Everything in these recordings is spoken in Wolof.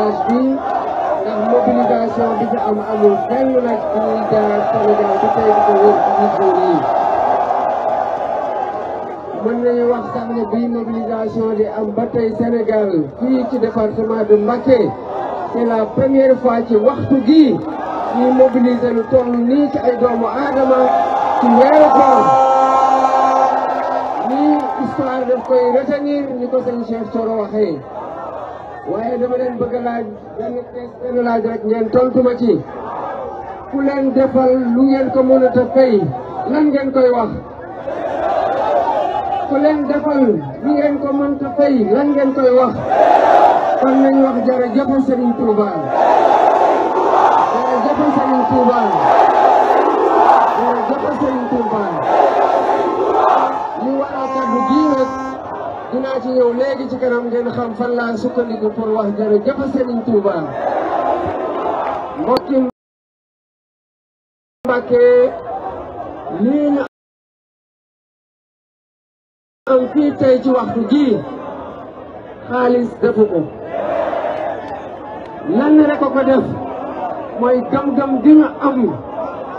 conférence bi ndax ba tey di ko mën nañu wax sax ne bii di am ba tey Sénégal fii ci département de Mbacké c'est la première fois ci waxtu gii ñuy mobiliser lu nii ci ay doomu aadama ci weeru koor. histoire daf koy retenir ni ko sëñ Cheikh Thioro waaye dama leen bëgg a laaj benn kees benn laaj rek ma ci ku leen defal lu ngeen ko mënut a fay lan ngeen koy wax ku leen defal lu ngeen ko mënut a fay lan ngeen koy wax kon nañ wax jërëjëf Serigne Touba ci ñëw léegi ci kanam ngeen xam fan laa sukkandiku pour wax jërëjëf Serigne Touba mbokki Mbàkke lii ñu am fii tey ci waxtu ji xaalis defu ko lan rek ko def mooy gam-gam gi nga am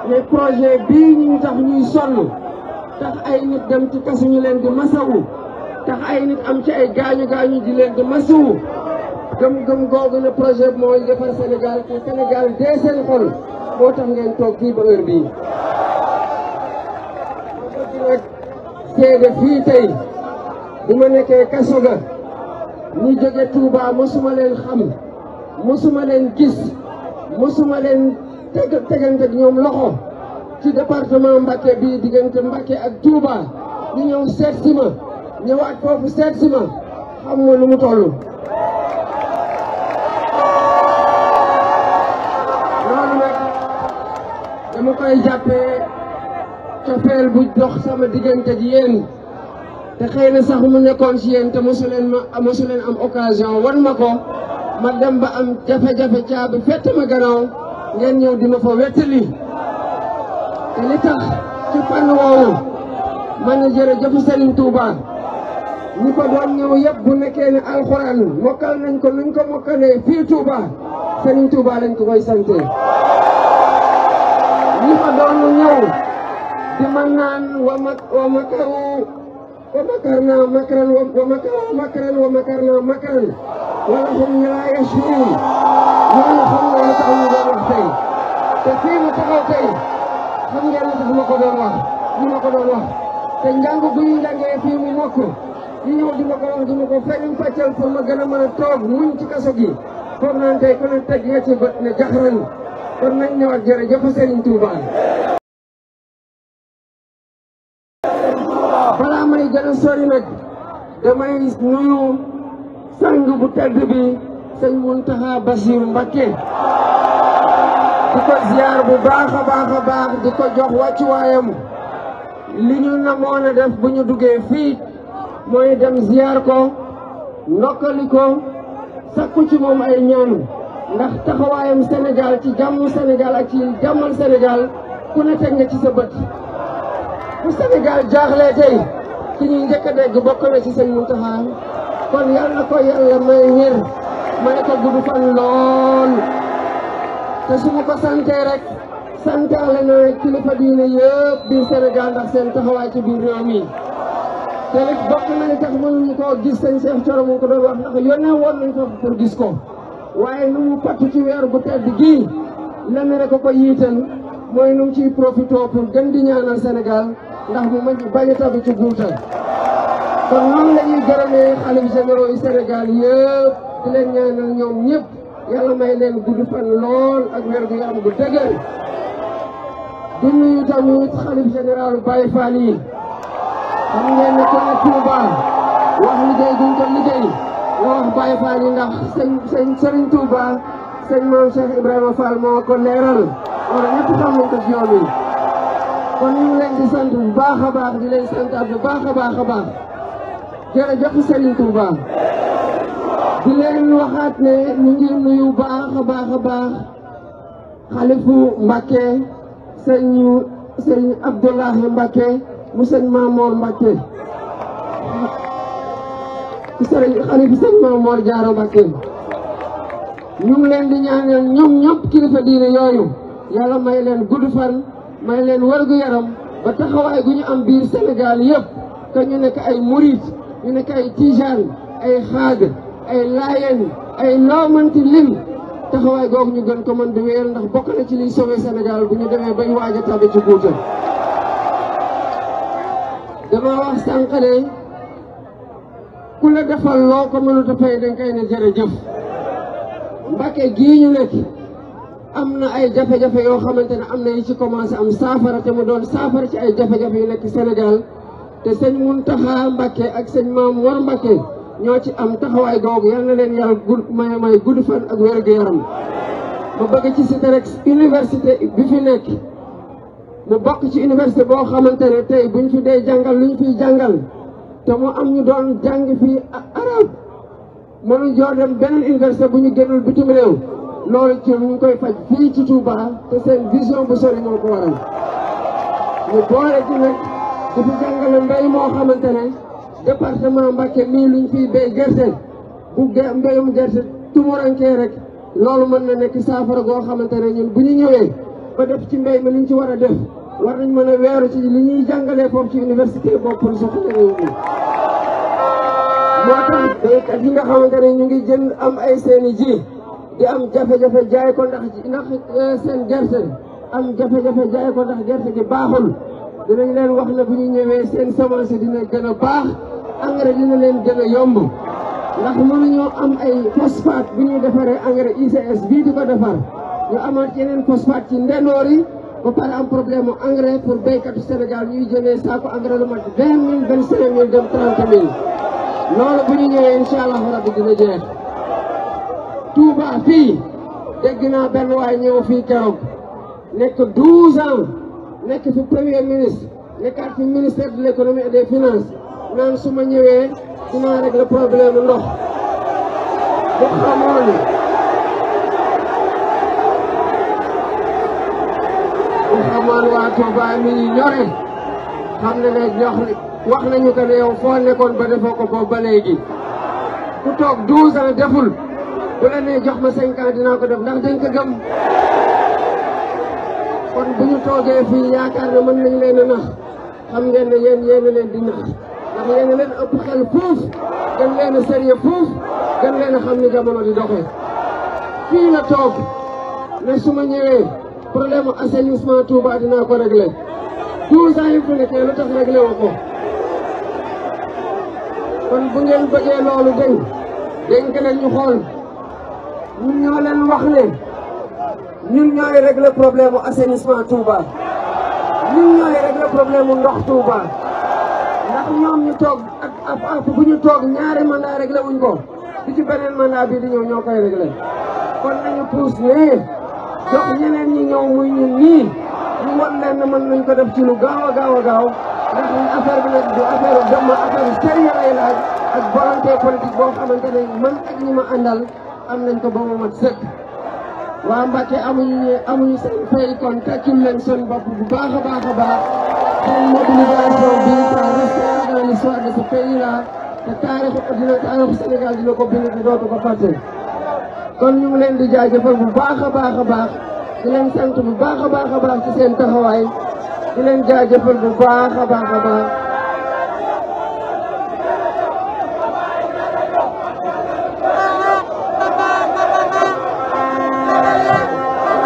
ne projet bii ñu tax ñuy sonn tax ay nit dem kasu ñu leen di masawu tax ay nit am ci ay gaañu gaañu di leen di masuwu gëm-gëm googu ne projet mooy defar Sénégal te Sénégal dee seen xol moo tax ngeen toog fii ba bii. tey bu ma nekkee kaso ga ñi jóge Touba mosuma leen xam mosuma leen gis mosuma leen teg ñoom loxo ci département Mbacké bii diggante Mbacké ak Touba ñu ñëw seet si ma ñëwaat foofu seet si ma xam nga lu mu toll. loolu nag dama koy jàppee cofeel bu dox sama diggante ak yéen te xëy na sax mu nekkoon si yéen te mosu leen ma am occasion wan ma ko ma dem ba am jafe-jafe caabi fett ma gannaaw ngeen ñëw di fa wettali te li tax ci fànn woowu man na jërëjëf Serigne ñi ko doon ñëw yëpp bu nekkee ne alxuraan mokkal nañ ko nuñ ko mokkalee fii Touba Serigne Touba lañ ko koy sante ñi ko doon ñëw di ma naan wa mak wa makaru wa makarna makran wa makaru makran wa makarna makran wala hum laa yashurun ñooñu xam nga lu tax ñu doon wax tey te fii mu taxaw tey xam ngeen lu tax ma ko doon wax ñu ma ko doon wax te njàng bu ñu njàngee fii mu mokk yii ma gi foog naan tey ku ne teg nga ci balaa may gën a nag damay nuyu sang bu tedd bi sëñ Mountakha Bassirou Mbacké di ko ziar bu baax a baax di ko jox wàccuwaayam li ñu namoon a def bu ñu duggee fii mooy dem ziyaar ko ndokkali ko sakku ci moom ay ñaan ndax taxawaayam Sénégal ci jàmm Sénégal ak ci jàmmal Sénégal ku ne teg nga ci sa bët bu jaaxlee tey ki ñuy njëkk a dégg ci seen Muntaxa kon yal na ko yàlla may ñir may ko gudd fan lool te su ma ko santee rek santaale na kilifa diine yëpp biir Sénégal ndax seen taxawaay ci biir réew mi te nag bokk na li tax mënuñu koo gis sëñ Cheikh Thioro mu ko doon wax ndax yónnee woon nañ ko pour gis ko waaye nu mu pattu ci weer bu tedd gii lenn rek a ko yiital mooy nu mu ciy profité pour gën di ñaanal Sénégal ndax mu mën bañ a tabi ci guutal kon noonu la ñuy gërëmee xalif généraux yi di leen ñaanal ñoom ñëpp yàlla may leen gudd fan lool ak weer gu yaram gu dëgër di nuyu tamit xalif général Baye Fall yi xam ngeen ne kon ak Touba wax liggéey duñ ko liggéey wax Baye Fall yi ndax sëñ sëñ Serigne Touba moom Cheikh Ibrahima Fall moo ko leeral loolu ñëpp xam ko ci kon ñu leen di sant bu baax a baax di leen santaat bu baax a baax a baax jërëjëf Serigne Touba di leen waxaat ne ñu ngi nuyu baax a baax a baax xalifu Mbacke sëñ sëñ Abdoulahi Mbacke mu sëñ Maamoor Mbàkke sëriñ xalifa sëñ Maamoor Jaara Mbàkke ñu leen di ñaanal ñoom ñëpp kilifa diine yooyu yàlla may leen gudd fan may leen wërgu yaram ba taxawaay gu ñu am biir Sénégal yëpp que ñu nekk ay murit ñu nekk ay tijaan ay xaad ay laayeen ay loomanti lim taxawaay googu ñu gën ko mën di wéyal ndax bokk na ci liy sauver Sénégal bu ñu demee bay waaj tabe ci guutal dama wax sànq ne ku la defal loo ko mënut a fay dañ koy ne jërëjëf gii ñu nekk am na ay jafe-jafe yoo xamante ne am na yu ci commencé am saafara te ma doon saafara ci ay jafe-jafe yu nekk Sénégal te sëñ Muntaxa Mbàkke ak sëñ Maam Mor Mbàkke ñoo ci am taxawaay googu yal na leen yàlla gudd may may gudd fan ak wér-gu-yaram ma bëgg ci cité rek université bi fi nekk mu bokk ci université boo xamante ne tey buñ fi dee jàngal luñ fiy jàngal te mu am ñu doon jàng fii arab mënu joo dem beneen université bu ñu génnul bitim réew loolu ci ñu koy faj fii ci Touba te seen vision bu sori moo ko waral ñu boole ci nag di fi jàngale mbéy moo xamante ne département Mbacké mii luñ fiy béy gerte bu mbéyum gerte tumurankee rek loolu mën na nekk saafara goo xamante ne ñun bu ñu ñëwee ba def ci mbéy mi liñ ci war a def war nañ mën a weeru ci li ñuy jàngalee foofu ci université boobu pour soxla réew yi nga xamante ne ñu ngi jënd am ay seeni di am jafe-jafe jaay eh, seen gerte am jafe-jafe jaay ko ndax gerte gi baaxul dinañ leen wax ne bu ñu ñëwee seen si dina gën a baax engrais dina leen gën yomb ndax mënuñoo am ay phosphate bu ñuy defaree engrais ICS bii di ko defar ñu amoon yeneen phosphate ci ndendoor yi ba am problème mu engrais pour béykatu Sénégal ñuy jëlee saako engrais lu mat vingt mille vingt trente mille loolu bu ñu ñëwee incha allahu rabbi dina jeex. fii dégg naa benn waay ñëw fii keroog nekk douze nekk fi premier ministre nekkaat ministère de l' des finances su ma ñëwee dinaa problème ndox bu xamoon xamoon waa Touba mi ñu ñore xam ne ne jox wax nañu que ne yow foo nekkoon ba defoo ko boobu ba léegi ku toog douze ans deful bu la nee jox ma cinq dinaa ko def ndax dañ ko gëm kon bu ñu toogee fii yaakaar ne mën nañ leen a nax ngeen ne leen di a leen ëpp xel fuuf gën leen a sérieux fuuf gën leen a xam ni jamono di doxee fii la toog ne su ma problème mu assainissement Touba dinaa ko réglé douze ans yi fi nekkee lu tax réglé woo ko kon bu ngeen bëggee loolu dénk dénk leen ñu xool ñun ñoo leen wax ne ñun ñooy réglé problème mu assainissement Touba ñun ñooy réglé problème mu ndox Touba ndax ñoom ñu toog ak ab ab bu ñu toog ñaari mandat réglé wuñ ko di ci beneen mandat bi di ñëw ñoo koy réglé kon nañu pousse ne jox ñeneen ñi ñëw muy ñun ñii ñu wan leen ne mën nañ ko def ci lu gaaw a gaaw a gaaw ndax ñun affaire bi nag du affaire dem ma affaire sérieux lay laaj ak volonté politique boo xamante ne man ak ñi ma àndal am nañ ko ba mu mat sëkk. waa Mbacke amuñu amuñu seen fay kon takkil leen seen bopp bu baax a baax a baax seen mobilisation bi ça restera dans l'histoire de ce pays là te taarixu dina taarixu Sénégal dina ko bind te dootu ko fàtte. kon ñu ngi leen di jaajëfal bu baax a baax a baax di leen sant bu baax a baax a baax ci seen taxawaay di leen jaajëfal bu baax a baax a baax.